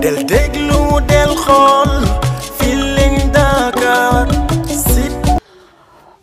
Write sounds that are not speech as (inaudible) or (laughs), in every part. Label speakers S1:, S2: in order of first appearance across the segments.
S1: del déglu del xool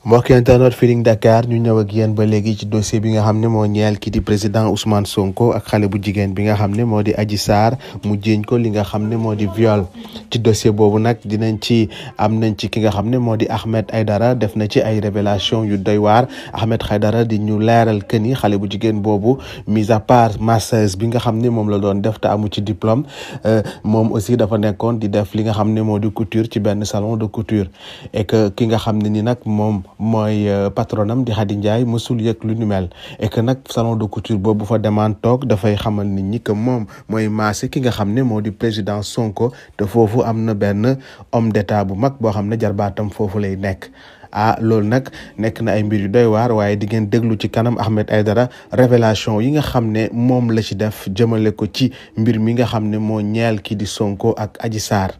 S2: mbokk internet Feeling Dakar ñu ñëw ak yéen ba léegi ci dossier bi nga xam ne moo ñeel ki di président Ousmane Sonko ak xale bu jigéen bi nga xam ne moo di Adji Sarr mu jéeñ ko li nga xam ne moo di viol ci dossier boobu nag dinañ ci am nañ ci ki nga xam ne moo di Ahmed Aydara def na ci ay révélation yu doy waar Ahmed Aydara di ñu leeral que ni xale bu jigéen boobu mis à part masseuse bi nga xam ne moom la doon def te amu ci diplôme euh, moom aussi dafa nekkoon di def li nga xam ne moo di couture ci benn salon de couture et ki nga xam ne ni nag moom mooy euh, patronam di Khady Ndiaye mësul yëg lu ni mel et nag salon de couture boobu fa demaan toog dafay xamal nit ñi que moom mooy maase ki nga xam ne moo di président Sonko te foofu am na benn homme d'état bu mag boo xam ne jarbaatam foofu lay nekk ah loolu nag nekk na ay mbir yu doy waar waaye di ngeen déglu ci kanam Ahmed Aidara révélation yi nga xam ne moom la ci def jëmale ko ci mbir mi nga xam ne moo ñeel kii di Sonko ak aji Sarr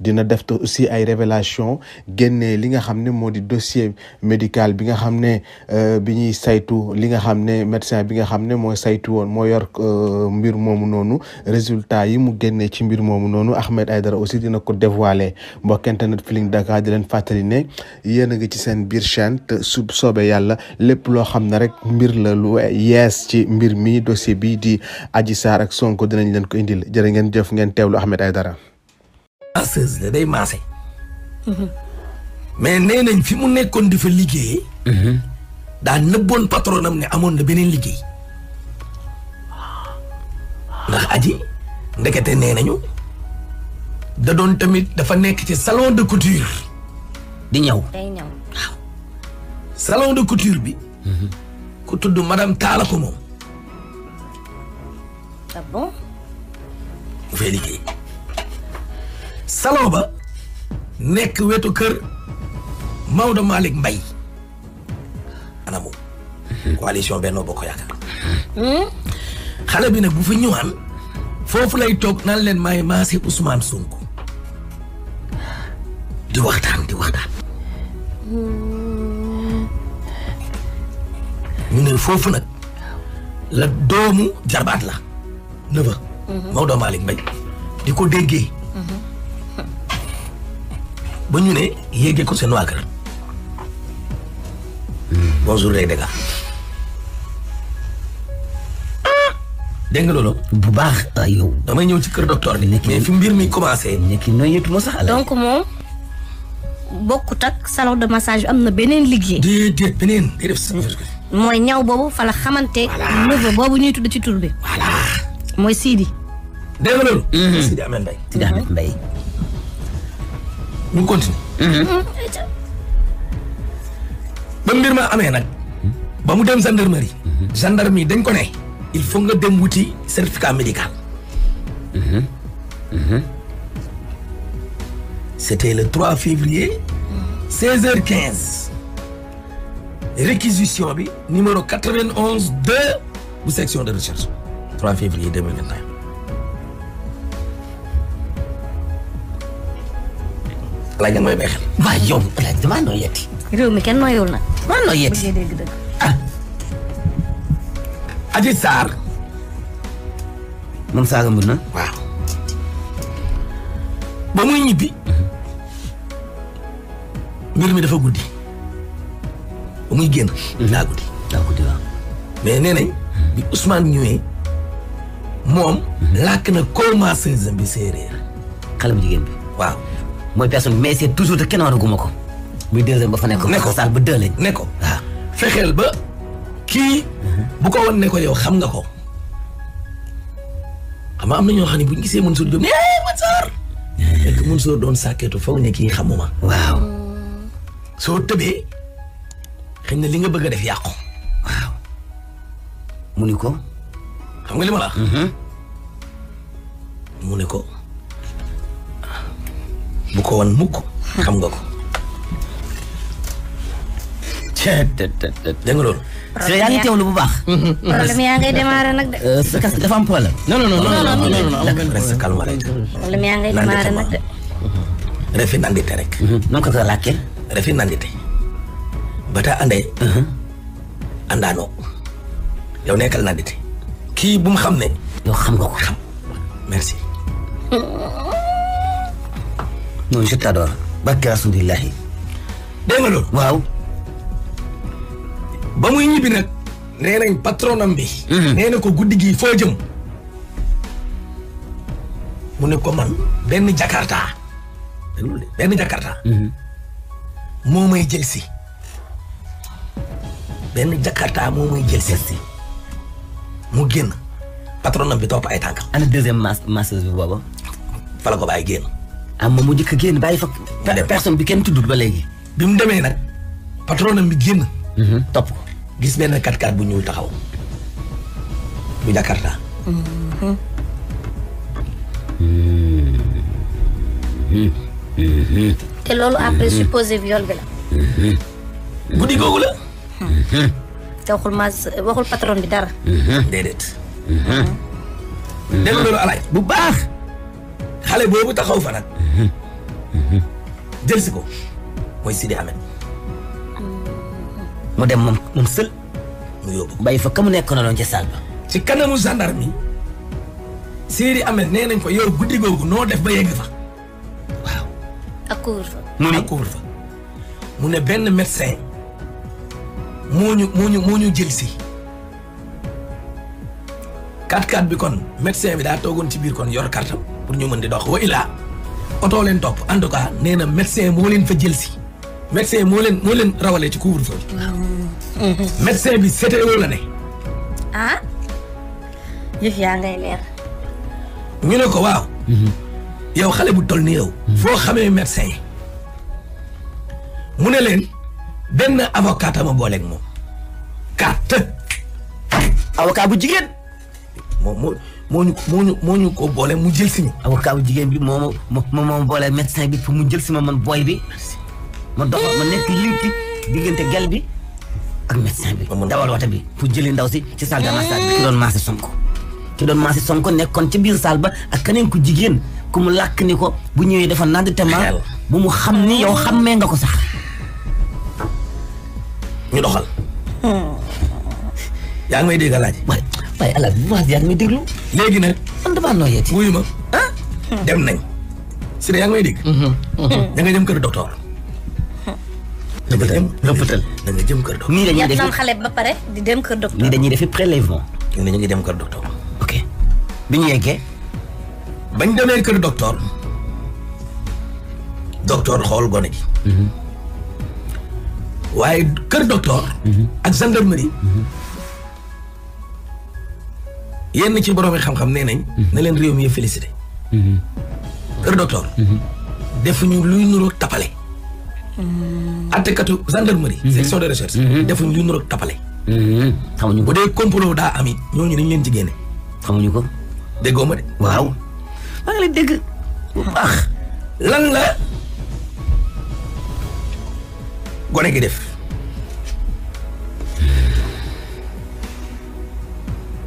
S2: dina def te aussi ay révélation génnee li nga xam ne moo di dossier médical bi nga xam ne euh, bi ñuy saytu li nga xam ne médecin bi nga xam ne moo saytu woon moo yor euh, mbir moomu noonu résultat yi mu génnee ci mbir moomu noonu Ahmed Aidara aussi dina ko dévoiler mbokk internet Feeling Dakar di leen fàttali ne yéen ci seen biir chaîne te su soobee yàlla lépp loo xam ne rek mbir la lu yees ci mbir mi dossier bi di aji Sarr ak Sonko dinañ leen ko indil jërë ngeen jëf ngeen teewlu Ahmed Aidara.
S1: masseuse la day maase. Mhm. mais nee nañ fi mu nekkoon di fa liggéey. Mhm. daa nëbboon patron ne amoon na beneen liggéey. ndax aji ndekete nee nañu. da doon tamit dafa nekk ci salon de couture. di ñëw. salon de couture bi. ku tudd madame Talla moom. ah bon. liggéey. salon ba nekk wetu kër Maodo Malick Mbaye ana moom. coalition Bokk Yaakaar. Hmm? xale bi nag bu fi ñëwaan foofu lay toog naan leen maay maase Ousmane Sonko di waxtaan di waxtaan. Hmm. foofu nag la doomu jarbaat la neveu mhm. Maodo Malick Mbaye di ko déggee mhm. ba ñu ne yéegee ko seen waa kër mhm. bonjour les dégâts dégg loolu. bu baax ah, yow. damay ñëw ci kër docteur bi. mais fi mbir mi commencé. nekk noyeetu ma sax. donc moom bokkut ak salon de massage am na beneen liggéey. mooy ñaw boobu fa la xamante. voilà boobu ñuy tudd ci tur bi. mooy Sidi. dégg nga loolu. Mhm. Sidi Ahmed Mbaye. Sidi Ahmed mhm. Mbaye. continue. Mhm. ba mbir ma amee nag. ba mu dem gendarmerie. gendarmerie dañ ko ne. il faut nga dem wuti certificat médical. c'était le 3 février. 16 h quinze réquisition bi numéro 91 2 bu section de recherche 3 février 2021 laaj mooy bay xel waaw yow laaj damaa noo yetti réew mi kenn nooyul nag maa noo ah. na waaw ba muy ñibbi mbir mi dafa guddi ba muy génn. guddi daa guddi waaw. mais nee nañ bi Ousmane ñëwee moom. làkk na commencé bi séeréer. xale bu jigéen bi waaw. mooy personne mais c'est toujours te kenn waraguma ko. muy deux heures ba fa nekkoon. nekkoon saal ba deux nekko nekkoon fexeel ba kii. bu ko wan yow xam nga ko. xam nga am na ñoo xam ne bu ñu gisee Mansour Diop ne eh, Mansour. Eh. fekk Mansour doon sàkkeetu foog ne kii xamuma. waaw soo tëbee. xëy na li nga bëgg def yàqu mu ni ko xam nga li ma la mm-hmm. mu ni ko bu ko wan mukk xam nga ko dégg nga loolu. yaa ngi teewlu bu baax. problème yaa ngay démarrer nag de. Euh, dafa am problème. non non non non non non non reste calme rek. problème yaa ngay démarrer nag de. refi rek. Mm-hmm. nandite. bata anday uh-huh. àndaanoo yow nekkal naa diti kii bu mu xam ne yow xam nga ko xam merci non je t'adore barke rasulillahi dégg nga loolu ba muy ñibbi nag nee nañ patronam bi uh-huh. nee ko guddi gi foo jëm mu ne ko man benn jakarta uh-huh. moo may jël benn jakarta moo muy jël seet si mu génn patronam bi topp ay tànkam. ana deuxième masse masse bi booba. fa la ko bàyyi génn. ah moom mu njëkk génn bàyyi fa. personne bi kenn tuddul ba léegi. bi mu demee nag patronam bi génn. Mhm. topp gis benn kat kat bu ñuul taxaw bu jakarta.
S2: Mhm.
S1: Mhm. te loolu après supposé viol bi la. guddi googu la. te (laughs) waxul ma waxul patron bi dara. (laughs) déedéet. dégg loolu alaaj bu baax xale boobu taxaw fa nag (laughs) jël si ko mooy Sidi mu dem moom moom sël mu yóbbu bàyyi fa ka mu nekk na doon ca saal ba ci kanamu gendarme yi Sidi Ahmed nee nañ ko yow guddi googu noo def ba yegg fa waaw ak couvre-feu mu benn médecin moo ñu moo ñu moo ñu jël si 4-4 bi kon médecin bi daa toogoon ci biir kon yor kartam pour ñu mën di dox wa ilaa oto leen topp en tout cas nee na médecin moo leen fa jël si médecin moo leen moo leen rawalee ci couvre-feu
S2: bi. médecin
S1: bi seetewoo la ne. ah. yëf yaa ngay leer. ñu ne ko waaw. Mhm. yow xale bu toll ni yow. Mhm. foo xamee médecin mu ne leen. benn avocat ma booleeg moom carte avocat bu jigéen moo moo moo ñu moo ñu moo ñu ko boole mu jël si ñu avocat bu jigéen bi moo ma moo ma boole médecin bi pour mu jël si ma man booy bi ma dox ma nekk liiti diggante gel bi ak médecin bi dawal wata bi pour jëli ndaw si ci salle de massage bi ki doon massé Sonko ki doon massé Sonko nekkoon ci biir salle ba ak keneen ku jigéen ku mu làkk ni ko bu ñëwee dafa nand tema bu mu xam ni yow xammee nga ko sax ñu doxal. Hmm. yaa ngi may dégg laaj. waay waay alaaj bu baax yaa ngi may déglu. léegi nag. man damaa nooyeeti. wuyu ma ah. Hmm. dem nañ. si de yaa ngi may dégg. da jëm kër docteur. da nga jëm rëppatal da nga jëm kër docteur. Hmm. nii dañuy defi xale ba pare di dem kër docteur. nii dañuy defi prélèvement. ñu ne ñu ngi dem kër docteur. ok bi ñu yeggee. bañ demee kër docteur. xool gone gi. waaye kër docteur. Mhm. ak gendarmerie. Mhm. yenn ci borom xam-xam nee nañ. Mhm. na leen réew mi yëpp félicité. kër docteur. defuñu luy nuroog tapale. Mm. attekatu gendarmerie. section de recherche. defuñu luy nuroog tapale. xamuñu ko bu dee complot daa am it ñooñu dañ leen ci génne. xamuñu ko. déggoo ma de. waaw maa ngi lay dégg bu baax lan la. gone gi def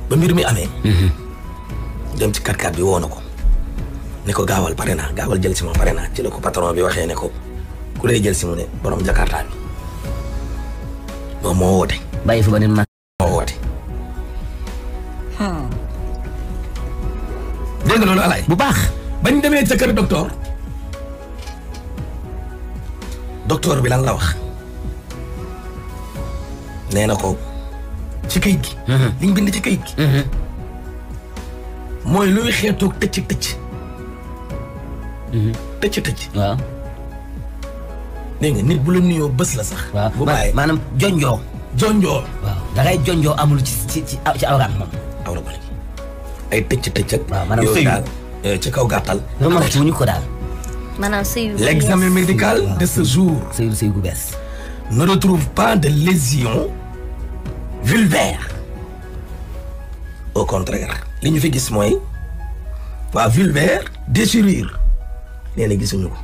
S1: ba mbir mi amee mm-hmm. dem ci katkat bi woo na ko ne ko gaawal pare naa gaawal jël si ma pare naa ci la ko patron bi waxee ne ko ku lay jël si mu ne borom jakarta bi moo woote bàyyi fi ba ne ma moo woote hmm. dégg nga loolu alaay bu baax bañ demee ca kër docteur bi lan la wax nee na ko ci këyit gi. Mhm. bind ci këyit gi. Mhm. mooy luy xeetoog tëcc tëcc. Mhm. tëcc tëcc. nga nit bu la nuyoo bës la sax. bu bàyyee maanaam jonjoo. jonjoo. waaw da jonjoo amul ci ci ci ci awraam moom. tëcc tëcc ak. waaw maanaam euh, ci kaw gàttal. remarque wuñu ko daal. maanaam sëyu l'examen médical de ce jour. sëyu gu bees. ne retrouve pas de lésion. vulvaire au contraire li ñu fi gis mooy waa vulvaire déchirure nee na gisuñu ko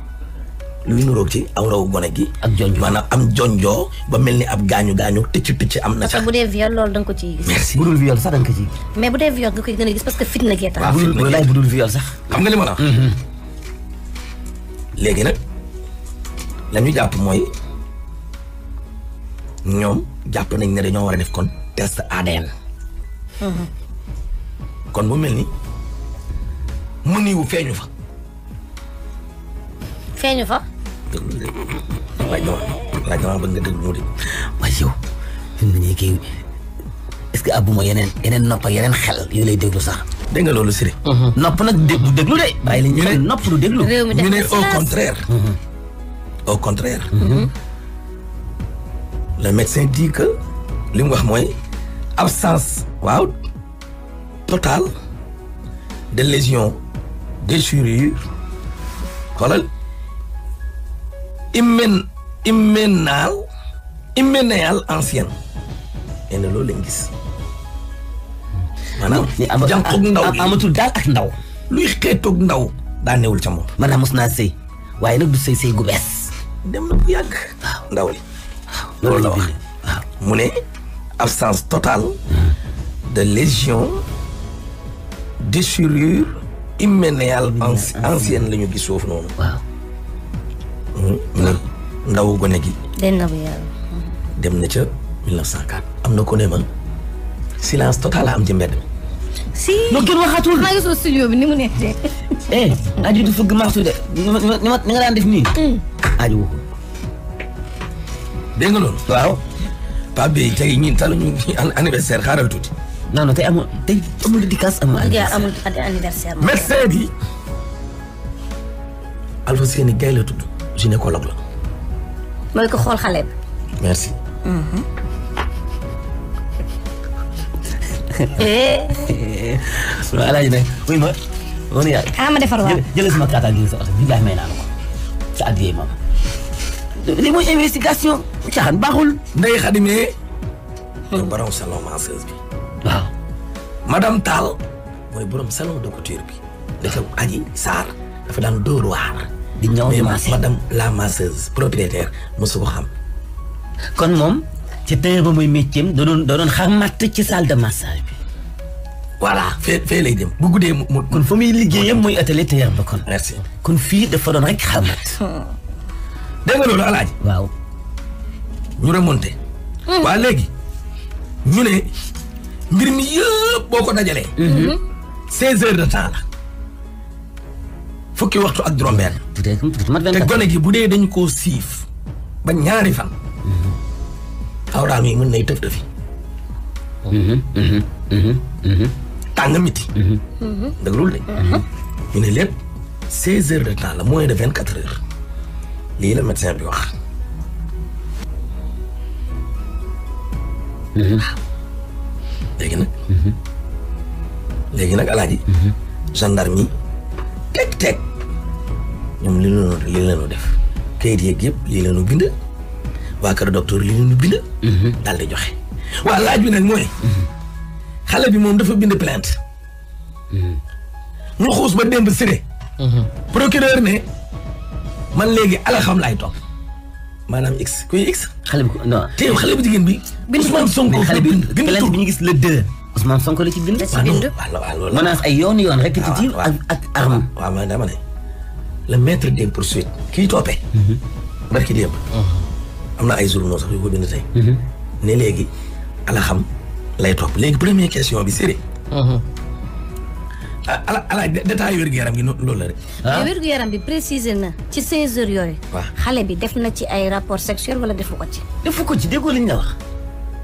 S1: lu luy nuroog ci aw raw gone gi. ak jonjoo maanaam am jonjoo ba mel ni ab gaañu gaañu tëcc tëcc am na. sax parce que bu dee viol loolu da nga ko ci gis. merci bu dul viol sax da nga ko ciy gis. mais bu dee viol nga koy gën a gis parce que fitna gee bu dul viol sax. xam nga li ma la wax. Mm-hmm. léegi nag la ñu jàpp mooy ñoom jàpp nañ ne dañoo war a def kon test ADN. kon mu mel ni mëni wu feeñu fa. feeñu fa. laaj na laaj nga déglu ñoo de waaye yow fi mu ne kii est-ce que abuma yeneen yeneen nopp yeneen xel yu lay déglu sax. dégg nga loolu Siré. Mhm. nopp nag dé du déglu de. waaye li ñu ne nopp du déglu. ñu ne au contraire. Mhm. au contraire. Mhm. le médecin dit li wax mooy absence waaw totale de lésions déchirures xoolal hymen hyménal hyménéal ancienne nee loolu lañ gis maanaam jànqoog ndaw amatul daal ak ndaw luy xeetoog ndaw daa newul ca moom maanaam mos naa sëy waaye nag du sëy sëy gu bees dem na bu yàgg ndaw li loolu la wax mu ne absence totale de lésions déchirure imméniale ah. ancienne la ñu gis foofu noonu. waaw. Hmm? ndaw gone gi. dem na bu yàlla. dem na ca am na ko ne ma silence total am ci mbedd. si no kenn waxaatul. maa ngi soo studio ni mu nekk de. (laughs) eh aju du fëgg de ni nga daan def nii. aj woo ko. nga loolu. Pape Beye tey ñun taluñu anniversaire xaaral tuuti. non non tey amul tey amul dédicace amul. anniversaire amul anniversaire. médecin bi. Alpha Séni Gaye la tudd gynécologue la. mooy ko xool xale bi. merci. Mm-hmm. suma (laughs) eh. alaaji ne wuy ma. wala yaay. ah ma defar waaw jëlee sama kàttan gi sa oto bi may naa la ko sa addiya maam. li mooy investigation caaxaan baaxul. Ndeye Khady Meye. mooy borom salon masseuse bi. borom salon de couture bi. dafa aji Sarr. dafa daan door waar. di ñëw di masser madame la masseuse propriétaire mosu ko kon moom ci tey ba muy métier da doon da doon ci salle de massage bi. voilà fee fee lay dem bu guddee mu. kon fa muy liggéeyam mooy atelier tailleur ba kon. merci kon fii dafa doon rek xamaat. Hmm. dégg nga loolu waaw ñu remonté. Hmm. waa léegi ñu ne mbir mi yëpp boo ko dajalee. Hmm. seize heures de temps fukki waxtu ak juróom-benn. te gone gi bu dee dañu koo siif ba ñaari fan. Hmm. awraam yi mën nay tëf tëfi. tàng miti. dëgg loolu de. ñu ne lépp seize heures de temps la moins de vingt quatre heures. lii la médecin bi wax. Mhm. léegi nag. Mhm. léegi nag alaaji. Mhm. gendarme yi teg teg ñoom lii la lii la ñu def kayit yeeg yëpp lii leen ñu bind waa kër docteur lii la ñu bind. daal di joxe waa laaj bi nag mooy. xale bi moom dafa bind plainte. ñu xuus ba démb sire. procureur ne. man léegi ala xam laay topp maanaam x kuy x. xale bi non te xale bu jigéen bi. bind Ousmane Sonko xale bi bi ñu gis le deux. Ousmane Sonko la ci bind. Ah, menace ay yoon yoon répétitive ah, ak ak arme. Ah, waaw man dama ne le maître des poursuites kii toppee. Mhm. barki démb. Mhm. am na ay journaux sax yu ko bind tey. Mhm. ne léegi ala xam lay topp léegi première question bi c'est ala ala détail wér yaram gi loolu la rek. ah wér gu yaram bi préciser na ci 16 heures yooyu. waaw xale bi def na ci ay rapport sexuel wala def ko ci. defu ko ci déggoo li ñu la wax.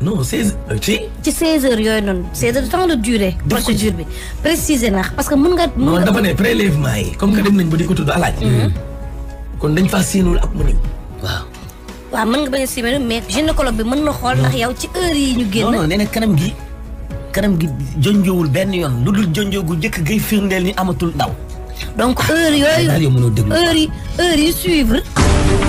S1: non 16 euh, ci. ci 16 yooyu noonu 16 de durée. procédure bi parce que mun nga. mun nga non que dem nañ ba di mhm. mm-hmm. kon dañ faa séenul ak mu ne. nga bañ a séenul mais gynécologue mën na xool ndax yow ci yi ñu génn. kanam gi. kanam gi jonjowul benn yoon lu dul jonjo gu njëkk ngay firndeel ni amatul daw donc heure yooyu heure yi heure